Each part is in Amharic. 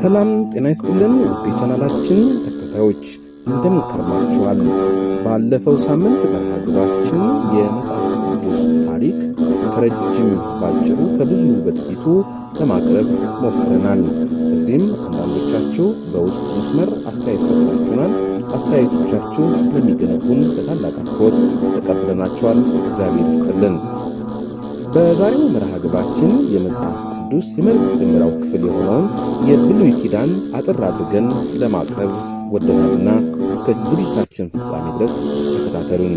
ሰላም ጤና ይስጥልን የቻናላችን ተከታዮች እንደምን ከርማችኋል? ባለፈው ሳምንት በሀገራችን የመጽሐፍ ቅዱስ ታሪክ ከረጅም ባጭሩ ከብዙ በጥቂቱ ለማቅረብ ሞክረናል። እዚህም አንዳንዶቻችሁ በውስጥ መስመር አስተያየት ሰጥታችሁናል። አስተያየቶቻችሁ ስለሚገነቡን በታላቅ አክብሮት ተቀብለናቸዋል። እግዚአብሔር ይስጥልን። በዛሬው መርሃ ግብራችን የመጽሐፍ ቅዱስ የመልእክት ክፍል የሆነውን የብሉይ ኪዳን አጥር አድርገን ለማቅረብ ወደናልና እስከ ዝግጅታችን ፍጻሜ ድረስ ተከታተሉን።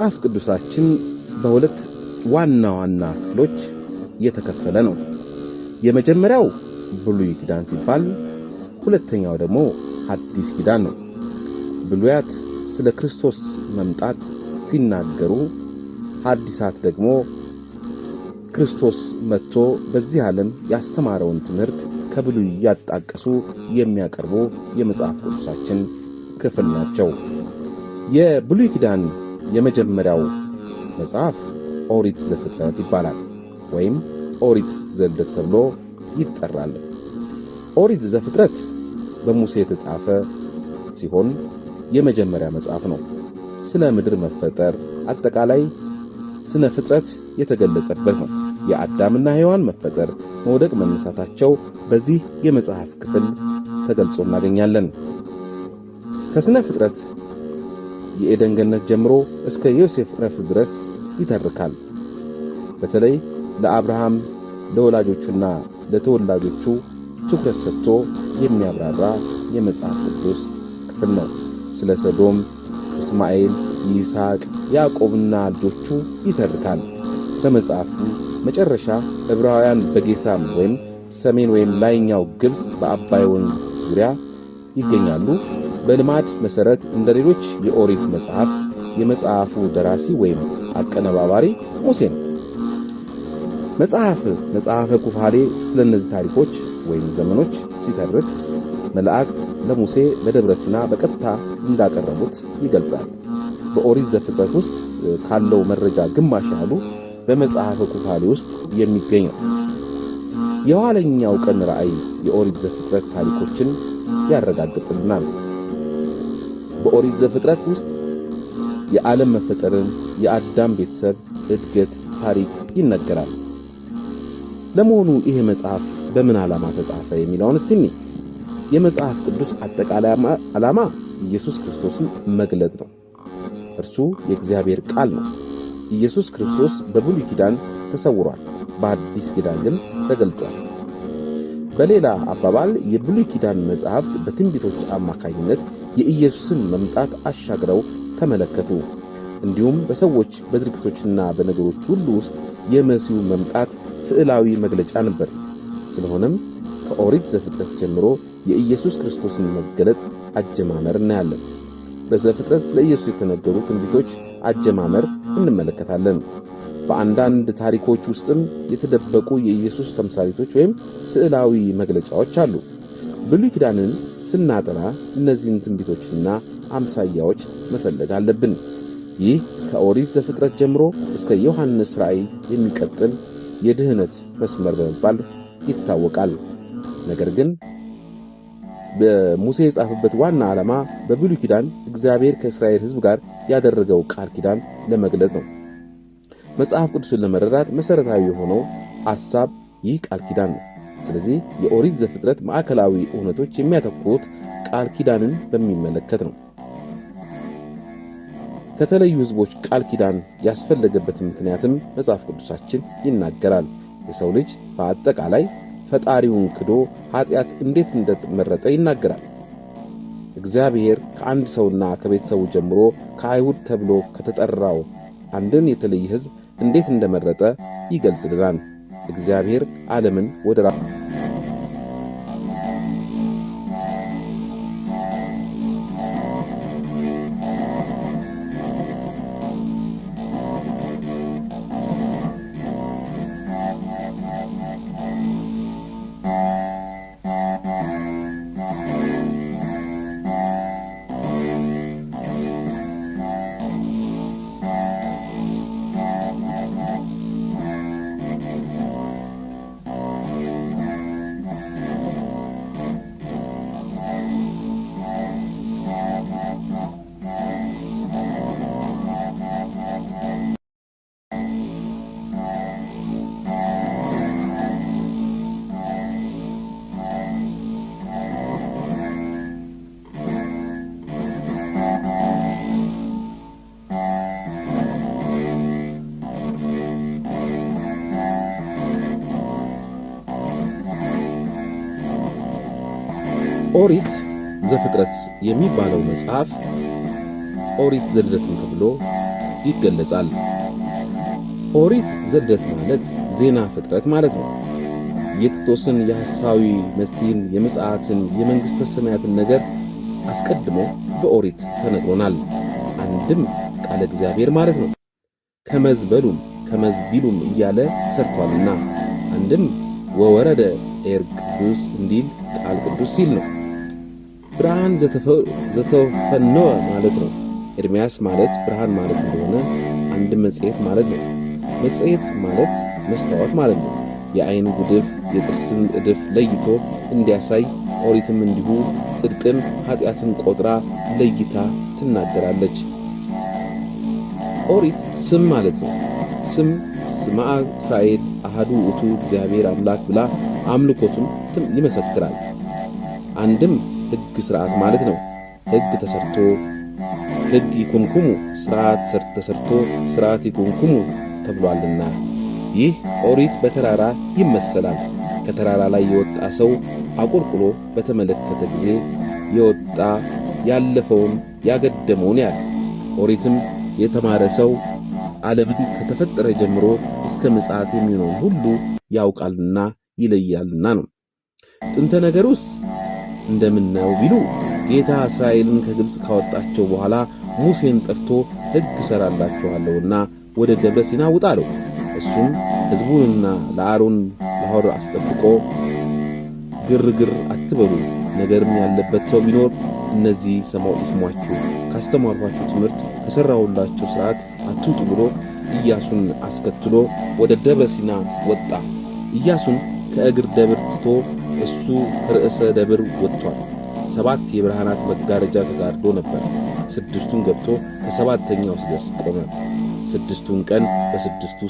መጽሐፍ ቅዱሳችን በሁለት ዋና ዋና ክፍሎች የተከፈለ ነው። የመጀመሪያው ብሉይ ኪዳን ሲባል ሁለተኛው ደግሞ አዲስ ኪዳን ነው። ብሉያት ስለ ክርስቶስ መምጣት ሲናገሩ፣ ሐዲሳት ደግሞ ክርስቶስ መጥቶ በዚህ ዓለም ያስተማረውን ትምህርት ከብሉይ እያጣቀሱ የሚያቀርቡ የመጽሐፍ ቅዱሳችን ክፍል ናቸው። የብሉይ ኪዳን የመጀመሪያው መጽሐፍ ኦሪት ዘፍጥረት ይባላል ወይም ኦሪት ዘልደት ተብሎ ይጠራል። ኦሪት ዘፍጥረት በሙሴ የተጻፈ ሲሆን የመጀመሪያ መጽሐፍ ነው። ስለ ምድር መፈጠር፣ አጠቃላይ ስነ ፍጥረት የተገለጸበት ነው። የአዳምና ሔዋን መፈጠር፣ መውደቅ፣ መነሳታቸው በዚህ የመጽሐፍ ክፍል ተገልጾ እናገኛለን። ከስነ ፍጥረት የኤደን ገነት ጀምሮ እስከ ዮሴፍ ዕረፍት ድረስ ይተርካል። በተለይ ለአብርሃም ለወላጆቹና ለተወላጆቹ ትኩረት ሰጥቶ የሚያብራራ የመጽሐፍ ቅዱስ ክፍል ነው። ስለ ሰዶም፣ እስማኤል፣ ይስሐቅ፣ ያዕቆብና ልጆቹ ይተርካል። በመጽሐፉ መጨረሻ ዕብራውያን በጌሳም ወይም ሰሜን ወይም ላይኛው ግብፅ በአባይ ወንዝ ዙሪያ ይገኛሉ። በልማድ መሠረት እንደ ሌሎች የኦሪት መጽሐፍ የመጽሐፉ ደራሲ ወይም አቀነባባሪ ሙሴ ነው። መጽሐፍ መጽሐፈ ኩፋሌ ስለ እነዚህ ታሪኮች ወይም ዘመኖች ሲተርክ መላእክት ለሙሴ በደብረ ሲና በቀጥታ እንዳቀረቡት ይገልጻል። በኦሪት ዘፍጥረት ውስጥ ካለው መረጃ ግማሽ ያህሉ በመጽሐፈ ኩፋሌ ውስጥ የሚገኝ ነው። የኋለኛው ቀን ራእይ የኦሪት ዘፍጥረት ታሪኮችን ያረጋግጥልናል። በኦሪት ዘፍጥረት ውስጥ የዓለም መፈጠርን፣ የአዳም ቤተሰብ እድገት ታሪክ ይነገራል። ለመሆኑ ይሄ መጽሐፍ በምን ዓላማ ተጻፈ የሚለውን እስቲ እንይ። የመጽሐፍ ቅዱስ አጠቃላይ ዓላማ ኢየሱስ ክርስቶስን መግለጥ ነው። እርሱ የእግዚአብሔር ቃል ነው። ኢየሱስ ክርስቶስ በብሉይ ኪዳን ተሰውሯል፣ በአዲስ ኪዳን ግን ተገልጧል። በሌላ አባባል የብሉይ ኪዳን መጽሐፍ በትንቢቶች አማካኝነት የኢየሱስን መምጣት አሻግረው ተመለከቱ። እንዲሁም በሰዎች በድርጊቶችና በነገሮች ሁሉ ውስጥ የመሲሁ መምጣት ስዕላዊ መግለጫ ነበር። ስለሆነም ከኦሪት ዘፍጥረት ጀምሮ የኢየሱስ ክርስቶስን መገለጥ አጀማመር እናያለን። በዘፍጥረት ስለ ኢየሱስ የተነገሩ ትንቢቶች አጀማመር እንመለከታለን። በአንዳንድ ታሪኮች ውስጥም የተደበቁ የኢየሱስ ተምሳሌቶች ወይም ስዕላዊ መግለጫዎች አሉ። ብሉይ ኪዳንን ስናጠና እነዚህን ትንቢቶችና አምሳያዎች መፈለግ አለብን። ይህ ከኦሪት ዘፍጥረት ጀምሮ እስከ ዮሐንስ ራእይ የሚቀጥል የድህነት መስመር በመባል ይታወቃል። ነገር ግን በሙሴ የጻፈበት ዋና ዓላማ በብሉይ ኪዳን እግዚአብሔር ከእስራኤል ሕዝብ ጋር ያደረገው ቃል ኪዳን ለመግለጽ ነው። መጽሐፍ ቅዱስን ለመረዳት መሠረታዊ የሆነው ሐሳብ ይህ ቃል ኪዳን ነው። ስለዚህ የኦሪት ዘፍጥረት ማዕከላዊ እውነቶች የሚያተኩሩት ቃል ኪዳንን በሚመለከት ነው። ከተለዩ ሕዝቦች ቃል ኪዳን ያስፈለገበትን ምክንያትም መጽሐፍ ቅዱሳችን ይናገራል። የሰው ልጅ በአጠቃላይ ፈጣሪውን ክዶ ኃጢአት እንዴት እንደመረጠ ይናገራል። እግዚአብሔር ከአንድ ሰውና ከቤተሰቡ ጀምሮ ከአይሁድ ተብሎ ከተጠራው አንድን የተለየ ሕዝብ እንዴት እንደመረጠ ይገልጽልናል። እግዚአብሔር ዓለምን ወደ ራሱ ኦሪት ዘፍጥረት የሚባለው መጽሐፍ ኦሪት ዘልደትም ተብሎ ይገለጻል። ኦሪት ዘልደት ማለት ዜና ፍጥረት ማለት ነው። የቲቶስን የሐሳዊ መሲህን የምጽአትን የመንግሥተ ሰማያትን ነገር አስቀድሞ በኦሪት ተነግሮናል። አንድም ቃለ እግዚአብሔር ማለት ነው። ከመዝበሉም ከመዝቢሉም እያለ ሰርቷልና አንድም ወወረደ ኤር ቅዱስ እንዲል ቃል ቅዱስ ሲል ነው። ብርሃን ዘተፈነወ ማለት ነው። ኤርምያስ ማለት ብርሃን ማለት እንደሆነ አንድ መጽሔት ማለት ነው። መጽሔት ማለት መስታወት ማለት ነው። የአይን ጉድፍ የጥርስን እድፍ ለይቶ እንዲያሳይ ኦሪትም እንዲሁ ጽድቅን ኃጢአትን ቆጥራ ለይታ ትናገራለች። ኦሪት ስም ማለት ነው። ስም ስማአ እስራኤል አህዱ ውእቱ እግዚአብሔር አምላክ ብላ አምልኮቱን ይመሰክራል። አንድም ህግ ስርዓት ማለት ነው። ህግ ተሰርቶ ህግ ይኩንኩሙ ስርዓት ተሰርቶ ስርዓት ይኩንኩሙ ተብሏልና ይህ ኦሪት በተራራ ይመሰላል። ከተራራ ላይ የወጣ ሰው አቆልቁሎ በተመለከተ ጊዜ የወጣ ያለፈውን ያገደመውን ያለ ኦሪትም የተማረ ሰው ዓለምን ከተፈጠረ ጀምሮ እስከ ምጽአት የሚሆነውን ሁሉ ያውቃልና ይለያልና ነው። ጥንተ ነገሩስ እንደምናየው ቢሉ ጌታ እስራኤልን ከግብፅ ካወጣቸው በኋላ ሙሴን ጠርቶ ሕግ እሠራላችኋለሁና ወደ ደብረ ሲና ውጣ አለው። እሱም ሕዝቡንና ለአሮን ለሖር አስጠብቆ ግርግር አትበሉ፣ ነገርም ያለበት ሰው ቢኖር እነዚህ ሰማው ይስሟችሁ፣ ካስተማርኋችሁ ትምህርት ከሠራሁላችሁ ሥርዓት አትውጡ ብሎ ኢያሱን አስከትሎ ወደ ደብረ ሲና ወጣ። ኢያሱን ከእግር ደብር ትቶ እሱ ርዕሰ ደብር ወጥቷል። ሰባት የብርሃናት መጋረጃ ተጋርዶ ነበር። ስድስቱን ገብቶ ከሰባተኛው ሲደርስ ቆመ። ስድስቱን ቀን በስድስቱ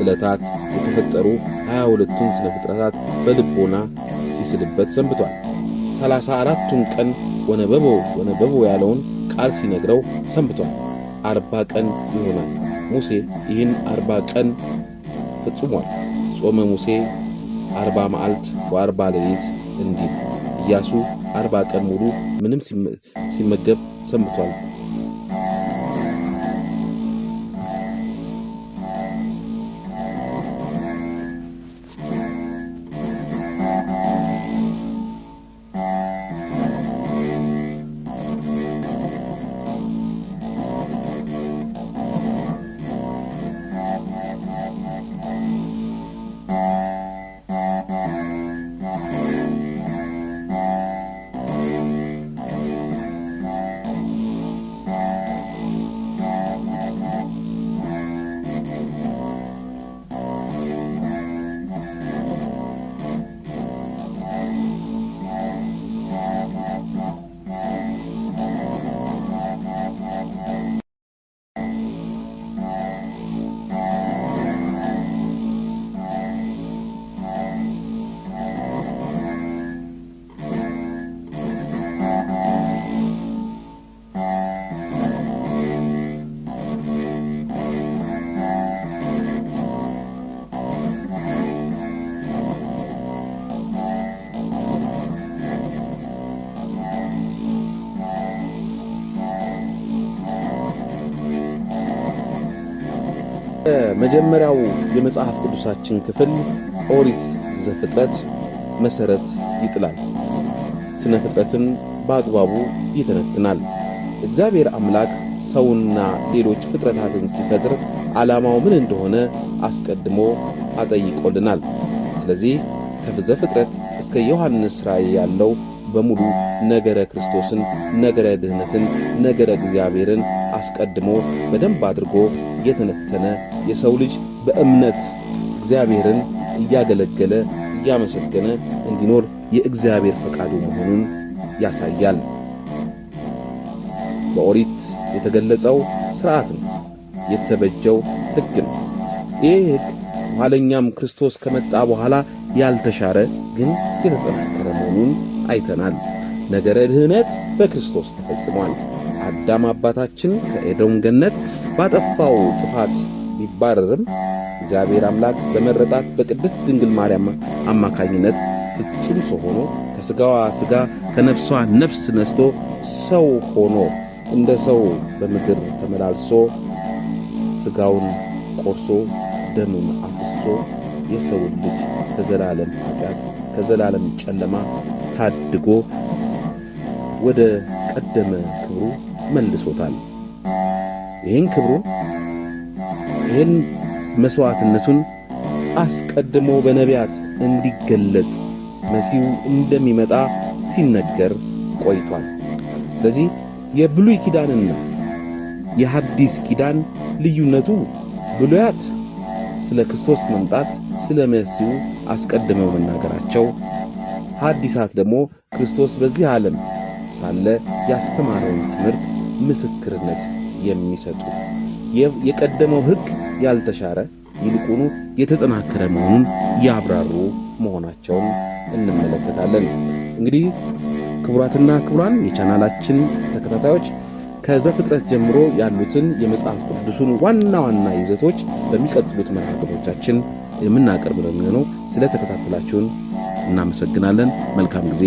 ዕለታት የተፈጠሩ ሀያ ሁለቱን ስነ ፍጥረታት በልቦና ሲስልበት ሰንብቷል። ሰላሳ አራቱን ቀን ወነበቦ ወነበቦ ያለውን ቃል ሲነግረው ሰንብቷል። አርባ ቀን ይሆናል። ሙሴ ይህን አርባ ቀን ፈጽሟል። ጾመ ሙሴ አርባ መዓልት ወአርባ ሌሊት እንዲል ኢያሱ አርባ ቀን ሙሉ ምንም ሲመገብ ሰምቷል። የመጀመሪያው የመጽሐፍ ቅዱሳችን ክፍል ኦሪት ዘፍጥረት መሰረት ይጥላል። ስነ ፍጥረትን በአግባቡ ይተነትናል። እግዚአብሔር አምላክ ሰውና ሌሎች ፍጥረታትን ሲፈጥር ዓላማው ምን እንደሆነ አስቀድሞ አጠይቆልናል። ስለዚህ ፍጥረት እስከ ዮሐንስ ራእይ ያለው በሙሉ ነገረ ክርስቶስን፣ ነገረ ድህነትን፣ ነገረ እግዚአብሔርን አስቀድሞ በደንብ አድርጎ የተነተነ የሰው ልጅ በእምነት እግዚአብሔርን እያገለገለ እያመሰገነ እንዲኖር የእግዚአብሔር ፈቃዱ መሆኑን ያሳያል። በኦሪት የተገለጸው ሥርዓት ነው፣ የተበጀው ሕግ ነው። ይህ ሕግ ኋለኛም ክርስቶስ ከመጣ በኋላ ያልተሻረ ግን የተጠናከረ መሆኑን አይተናል። ነገረ ድኅነት በክርስቶስ ተፈጽሟል። አዳም አባታችን ከኤዶም ገነት ባጠፋው ጥፋት ቢባረርም እግዚአብሔር አምላክ በመረጣት በቅድስት ድንግል ማርያም አማካኝነት ፍጹም ሰው ሆኖ ከሥጋዋ ሥጋ ከነፍሷ ነፍስ ነስቶ ሰው ሆኖ እንደ ሰው በምድር ተመላልሶ ሥጋውን ቆርሶ ደሙን አፍሶ የሰውን ልጅ ከዘላለም ኃጢአት ከዘላለም ጨለማ ታድጎ ወደ ቀደመ ክብሩ መልሶታል። ይህን ክብሩን ይህን መስዋዕትነቱን አስቀድሞ በነቢያት እንዲገለጽ መሲሁ እንደሚመጣ ሲነገር ቆይቷል። ስለዚህ የብሉይ ኪዳንና የሐዲስ ኪዳን ልዩነቱ ብሉያት ስለ ክርስቶስ መምጣት ስለ መሲሁ አስቀድመው መናገራቸው፣ ሐዲሳት ደግሞ ክርስቶስ በዚህ ዓለም ሳለ ያስተማረውን ትምህርት ምስክርነት የሚሰጡ የቀደመው ሕግ ያልተሻረ ይልቁኑ የተጠናከረ መሆኑን ያብራሩ መሆናቸውን እንመለከታለን። እንግዲህ ክቡራትና ክቡራን የቻናላችን ተከታታዮች ከዘፍጥረት ጀምሮ ያሉትን የመጽሐፍ ቅዱሱን ዋና ዋና ይዘቶች በሚቀጥሉት መርሃ የምናቀርብ ነው የሚሆነው። ተከታተላችሁን እናመሰግናለን። መልካም ጊዜ